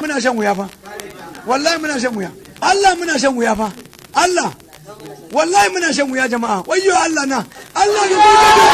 muna shan wuya fa wallahi muna shan wuya Allah muna shan wuya fa Allah wallahi muna shan wuya jama'a wayyo Allah na Allah ga